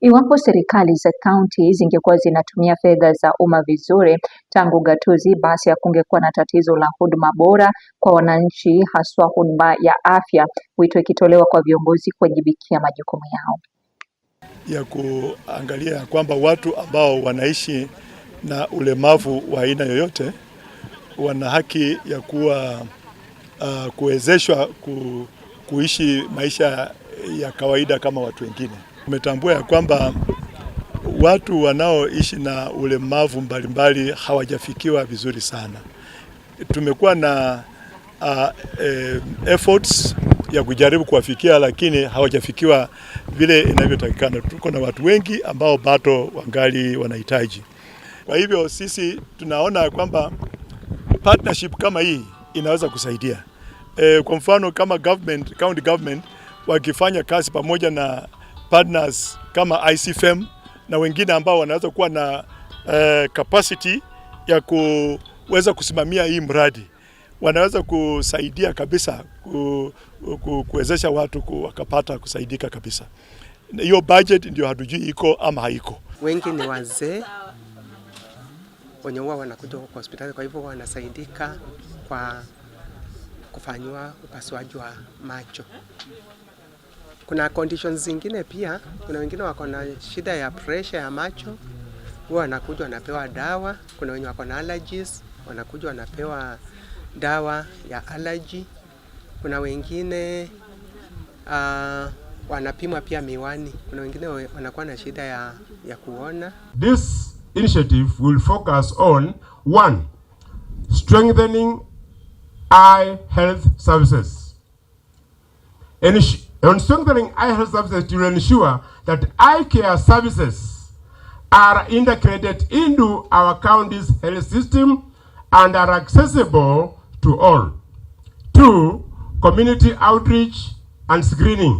Iwapo serikali za kaunti zingekuwa zinatumia fedha za umma vizuri tangu gatuzi, basi hakungekuwa na tatizo la huduma bora kwa wananchi, haswa huduma ya afya, wito ikitolewa kwa viongozi kuwajibikia majukumu yao ya kuangalia ya kwamba watu ambao wanaishi na ulemavu wa aina yoyote wana haki ya kuwa uh, kuwezeshwa ku, kuishi maisha ya kawaida kama watu wengine. Umetambua ya kwamba watu wanaoishi na ulemavu mbalimbali hawajafikiwa vizuri sana. Tumekuwa na uh, eh, efforts ya kujaribu kuwafikia lakini hawajafikiwa vile inavyotakikana. Tuko na watu wengi ambao bado wangali wanahitaji. Kwa hivyo sisi tunaona kwamba partnership kama hii inaweza kusaidia. E, kwa mfano kama government, county government wakifanya kazi pamoja na partners kama ICFM na wengine ambao wanaweza kuwa na uh, capacity ya kuweza kusimamia hii mradi wanaweza kusaidia kabisa ku, ku, kuwezesha watu ku, wakapata kusaidika kabisa. Hiyo budget ndio hatujui iko ama haiko. Wengi ni wazee wenye huwa wanakuja kwa hospitali, kwa hivyo wanasaidika kwa kufanywa upasuaji wa macho. Kuna conditions zingine pia, kuna wengine wako na shida ya pressure ya macho, huwa wanakuja wanapewa dawa. Kuna wenye wako na allergies, wanakuja wanapewa dawa ya allergy. Kuna wengine uh, wanapimwa pia miwani. Kuna wengine wanakuwa na shida ya, ya kuona. This initiative will focus on one, strengthening eye health services Ensu on strengthening eye health services to ensure that eye care services are integrated into our county's health system and are accessible to all. Two, community outreach and screening.